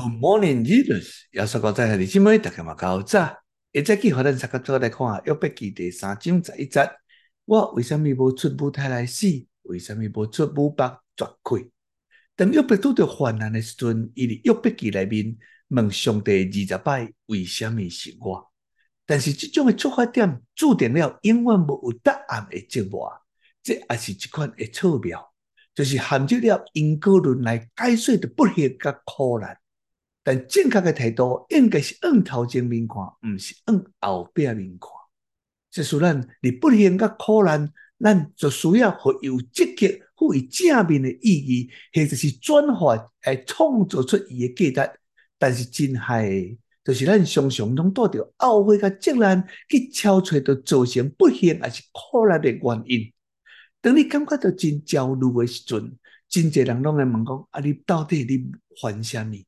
Good，morning，Jesus。耶穌講真係：呢姊大家嘛搞咋？一再叫人參加做來看下，約伯記第三章十一節。我為什咪冇出母胎來死？為什咪冇出母腹絕氣？等約伯拄到患難嘅時陣，伊佇約伯記內面問上帝二十擺：為什咪是我？但是這種嘅出發點注定了永遠無有答案嘅折磨，即也是一款嘅錯誤，就是含着了因果論來解釋著不幸佮苦難。但正確嘅態度應該是往頭前面看，唔是往後面面看。即是咱不幸、苦難，咱就需要有積極、賦予正面嘅意義，或者是轉化，來創造出伊嘅價值。但是真害嘅，就是咱常常中多着懊悔甲責任，去找出造成不幸還是苦難的原因。當你感覺到真焦慮嘅時陣，真儕人攏會問講：啊，你到底你煩啥物？